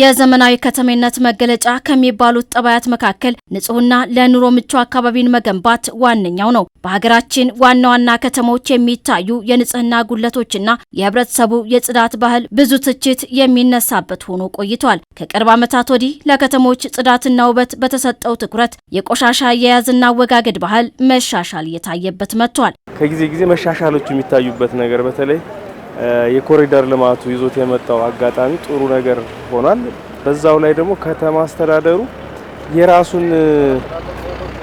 የዘመናዊ ከተሜነት መገለጫ ከሚባሉት ጠባያት መካከል ንጹህና ለኑሮ ምቹ አካባቢን መገንባት ዋነኛው ነው። በሀገራችን ዋና ዋና ከተሞች የሚታዩ የንጽህና ጉድለቶችና የህብረተሰቡ የጽዳት ባህል ብዙ ትችት የሚነሳበት ሆኖ ቆይቷል። ከቅርብ ዓመታት ወዲህ ለከተሞች ጽዳትና ውበት በተሰጠው ትኩረት የቆሻሻ አያያዝና አወጋገድ ባህል መሻሻል እየታየበት መጥቷል። ከጊዜ ጊዜ መሻሻሎች የሚታዩበት ነገር በተለይ የኮሪደር ልማቱ ይዞት የመጣው አጋጣሚ ጥሩ ነገር ሆኗል። በዛው ላይ ደግሞ ከተማ አስተዳደሩ የራሱን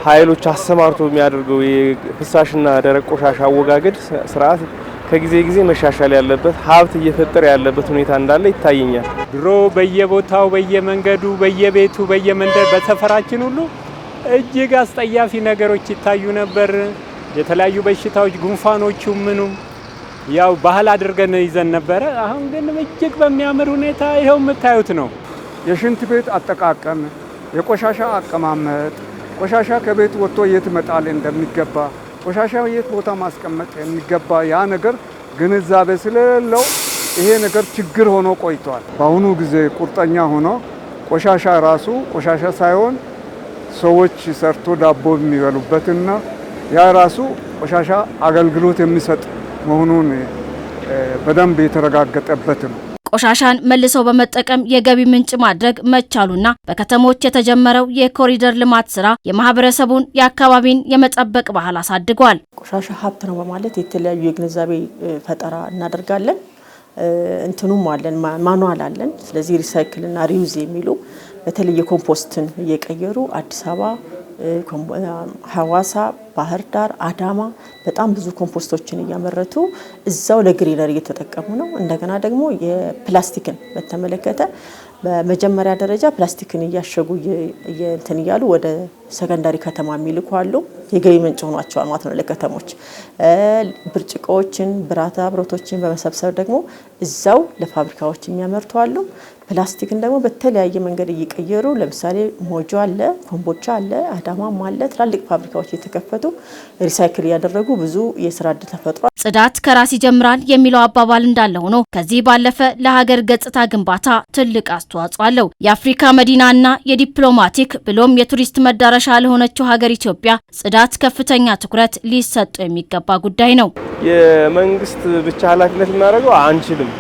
ኃይሎች አሰማርቶ የሚያደርገው የፍሳሽና ደረቅ ቆሻሻ አወጋገድ ስርዓት ከጊዜ ጊዜ መሻሻል ያለበት ሀብት እየፈጠረ ያለበት ሁኔታ እንዳለ ይታየኛል። ድሮ በየቦታው በየመንገዱ፣ በየቤቱ፣ በየመንደር በሰፈራችን ሁሉ እጅግ አስጠያፊ ነገሮች ይታዩ ነበር። የተለያዩ በሽታዎች ጉንፋኖቹ ምኑም ያው ባህል አድርገን ይዘን ነበረ። አሁን ግን እጅግ በሚያምር ሁኔታ ይኸው የምታዩት ነው። የሽንት ቤት አጠቃቀም፣ የቆሻሻ አቀማመጥ፣ ቆሻሻ ከቤት ወጥቶ የት መጣል እንደሚገባ፣ ቆሻሻ የት ቦታ ማስቀመጥ የሚገባ ያ ነገር ግንዛቤ ስለሌለው ይሄ ነገር ችግር ሆኖ ቆይቷል። በአሁኑ ጊዜ ቁርጠኛ ሆኖ ቆሻሻ ራሱ ቆሻሻ ሳይሆን ሰዎች ሰርቶ ዳቦ የሚበሉበትና ያ ራሱ ቆሻሻ አገልግሎት የሚሰጥ መሆኑን በደንብ የተረጋገጠበት ነው። ቆሻሻን መልሶ በመጠቀም የገቢ ምንጭ ማድረግ መቻሉና በከተሞች የተጀመረው የኮሪደር ልማት ስራ የማህበረሰቡን የአካባቢን የመጠበቅ ባህል አሳድጓል። ቆሻሻ ሀብት ነው በማለት የተለያዩ የግንዛቤ ፈጠራ እናደርጋለን። እንትኑም አለን ማኗል አለን። ስለዚህ ሪሳይክልና ሪዩዝ የሚሉ በተለይ የኮምፖስትን እየቀየሩ አዲስ አበባ፣ ሀዋሳ ባህር ዳር፣ አዳማ በጣም ብዙ ኮምፖስቶችን እያመረቱ እዛው ለግሪለር እየተጠቀሙ ነው። እንደገና ደግሞ የፕላስቲክን በተመለከተ በመጀመሪያ ደረጃ ፕላስቲክን እያሸጉ እንትን እያሉ ወደ ሰከንዳሪ ከተማ የሚልኩ አሉ። የገቢ ምንጭ ሆኗቸዋል ማለት ነው ለከተሞች። ብርጭቆዎችን፣ ብረታ ብረቶችን በመሰብሰብ ደግሞ እዛው ለፋብሪካዎች የሚያመርቱ አሉ። ፕላስቲክን ደግሞ በተለያየ መንገድ እየቀየሩ ለምሳሌ ሞጆ አለ፣ ኮምቦቻ አለ፣ አዳማም አለ። ትላልቅ ፋብሪካዎች እየተከፈቱ ሪሳይክል እያደረጉ ብዙ የስራ እድል ተፈጥሯል። ጽዳት ከራስ ይጀምራል የሚለው አባባል እንዳለ ሆኖ ከዚህ ባለፈ ለሀገር ገጽታ ግንባታ ትልቅ አስተዋጽኦ አለው። የአፍሪካ መዲናና የዲፕሎማቲክ ብሎም የቱሪስት መዳረሻ ለሆነችው ሀገር ኢትዮጵያ ጽዳት ከፍተኛ ትኩረት ሊሰጠው የሚገባ ጉዳይ ነው። የመንግስት ብቻ ኃላፊነት ልናደርገው አንችልም።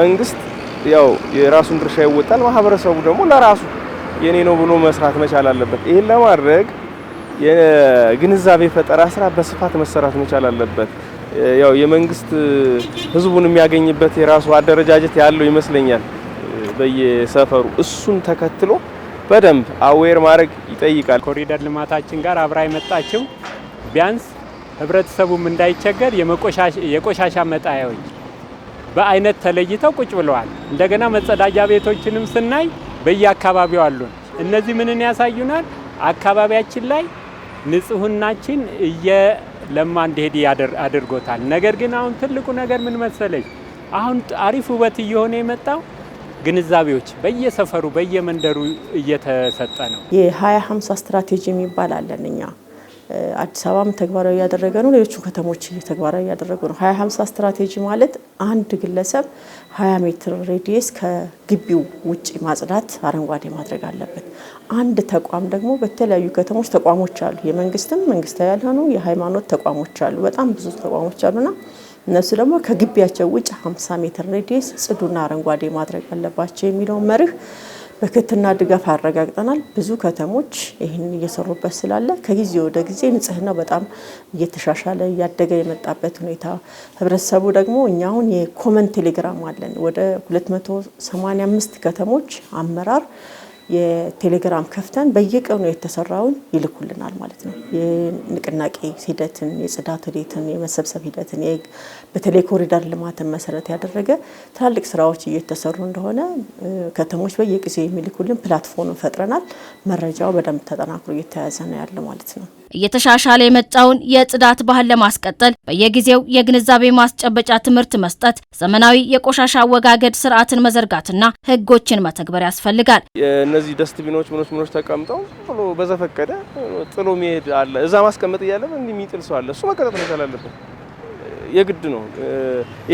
መንግስት ያው የራሱን ድርሻ ይወጣል። ማህበረሰቡ ደግሞ ለራሱ የኔ ነው ብሎ መስራት መቻል አለበት። ይህን ለማድረግ የግንዛቤ ፈጠራ ስራ በስፋት መሰራት መቻል አለበት። ያው የመንግስት ህዝቡን የሚያገኝበት የራሱ አደረጃጀት ያለው ይመስለኛል በየሰፈሩ እሱን ተከትሎ በደንብ አዌር ማድረግ ይጠይቃል። ኮሪደር ልማታችን ጋር አብራ የመጣችው ቢያንስ ህብረተሰቡም እንዳይቸገር የቆሻሻ መጣያዎች በአይነት ተለይተው ቁጭ ብለዋል። እንደገና መጸዳጃ ቤቶችንም ስናይ በየአካባቢው አሉን። እነዚህ ምንን ያሳዩናል? አካባቢያችን ላይ ንጹህናችን እየለማ እንዲሄድ አድርጎታል። ነገር ግን አሁን ትልቁ ነገር ምን መሰለች? አሁን አሪፍ ውበት እየሆነ የመጣው ግንዛቤዎች በየሰፈሩ በየመንደሩ እየተሰጠ ነው። የ2050 ስትራቴጂ የሚባል አለን እኛ አዲስ አበባም ተግባራዊ እያደረገ ነው። ሌሎቹም ከተሞች ተግባራዊ እያደረጉ ነው። ሀያ ሀምሳ ስትራቴጂ ማለት አንድ ግለሰብ ሀያ ሜትር ሬዲየስ ከግቢው ውጭ ማጽዳት፣ አረንጓዴ ማድረግ አለበት። አንድ ተቋም ደግሞ በተለያዩ ከተሞች ተቋሞች አሉ። የመንግስትም መንግስታዊ ያልሆኑ የሃይማኖት ተቋሞች አሉ። በጣም ብዙ ተቋሞች አሉና እነሱ ደግሞ ከግቢያቸው ውጭ ሀምሳ ሜትር ሬዲየስ ጽዱና አረንጓዴ ማድረግ አለባቸው የሚለውን መርህ በክትና ድጋፍ አረጋግጠናል። ብዙ ከተሞች ይህንን እየሰሩበት ስላለ ከጊዜ ወደ ጊዜ ንጽህናው በጣም እየተሻሻለ እያደገ የመጣበት ሁኔታ ህብረተሰቡ ደግሞ እኛ አሁን የኮመን ቴሌግራም አለን ወደ 285 ከተሞች አመራር የቴሌግራም ከፍተን በየቀኑ የተሰራውን ይልኩልናል ማለት ነው። የንቅናቄ ሂደትን፣ የጽዳት ሂደትን፣ የመሰብሰብ ሂደትን በተለይ ኮሪደር ልማትን መሰረት ያደረገ ትላልቅ ስራዎች እየተሰሩ እንደሆነ ከተሞች በየጊዜው የሚልኩልን ፕላትፎርም ፈጥረናል። መረጃው በደንብ ተጠናክሮ እየተያዘ ነው ያለ ማለት ነው። እየተሻሻለ የመጣውን የጽዳት ባህል ለማስቀጠል በየጊዜው የግንዛቤ ማስጨበጫ ትምህርት መስጠት፣ ዘመናዊ የቆሻሻ አወጋገድ ስርዓትን መዘርጋትና ህጎችን መተግበር ያስፈልጋል። እነዚህ ደስትቢኖች ምኖች ምኖች ተቀምጠው ብሎ በዘፈቀደ ጥሎ መሄድ አለ። እዛ ማስቀመጥ እያለ እንዲህ የሚጥል ሰው አለ። እሱ መቀጠጥ መቻል አለበት፣ የግድ ነው።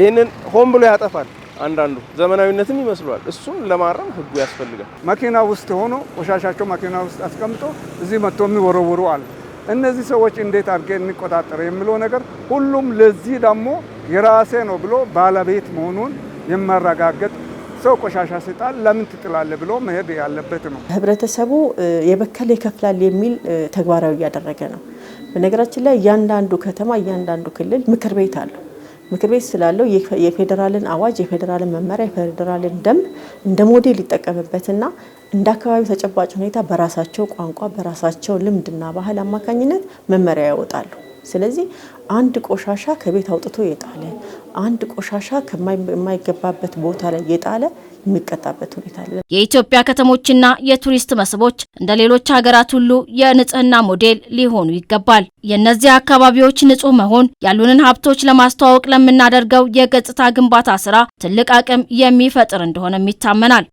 ይህንን ሆን ብሎ ያጠፋል። አንዳንዱ ዘመናዊነትም ይመስሏል። እሱን ለማረም ህጉ ያስፈልጋል። መኪና ውስጥ ሆኖ ቆሻሻቸው መኪና ውስጥ አስቀምጦ እዚህ መጥቶ የሚወረውሩ አለ። እነዚህ ሰዎች እንዴት አድርገን እንቆጣጠር የሚለው ነገር ሁሉም ለዚህ ደግሞ የራሴ ነው ብሎ ባለቤት መሆኑን የማረጋገጥ ሰው ቆሻሻ ሲጣል ለምን ትጥላለ ብሎ መሄድ ያለበት ነው። ህብረተሰቡ የበከለ ይከፍላል የሚል ተግባራዊ እያደረገ ነው። በነገራችን ላይ እያንዳንዱ ከተማ እያንዳንዱ ክልል ምክር ቤት አለው። ምክር ቤት ስላለው የፌዴራልን አዋጅ፣ የፌዴራልን መመሪያ፣ የፌዴራልን ደንብ እንደ ሞዴል ይጠቀምበትና እንደ አካባቢው ተጨባጭ ሁኔታ በራሳቸው ቋንቋ በራሳቸው ልምድና ባህል አማካኝነት መመሪያ ያወጣሉ። ስለዚህ አንድ ቆሻሻ ከቤት አውጥቶ የጣለ አንድ ቆሻሻ ከማይገባበት ቦታ ላይ የጣለ የሚቀጣበት ሁኔታ አለ። የኢትዮጵያ ከተሞችና የቱሪስት መስህቦች እንደ ሌሎች ሀገራት ሁሉ የንጽህና ሞዴል ሊሆኑ ይገባል። የእነዚህ አካባቢዎች ንጹህ መሆን ያሉንን ሀብቶች ለማስተዋወቅ ለምናደርገው የገጽታ ግንባታ ስራ ትልቅ አቅም የሚፈጥር እንደሆነም ይታመናል።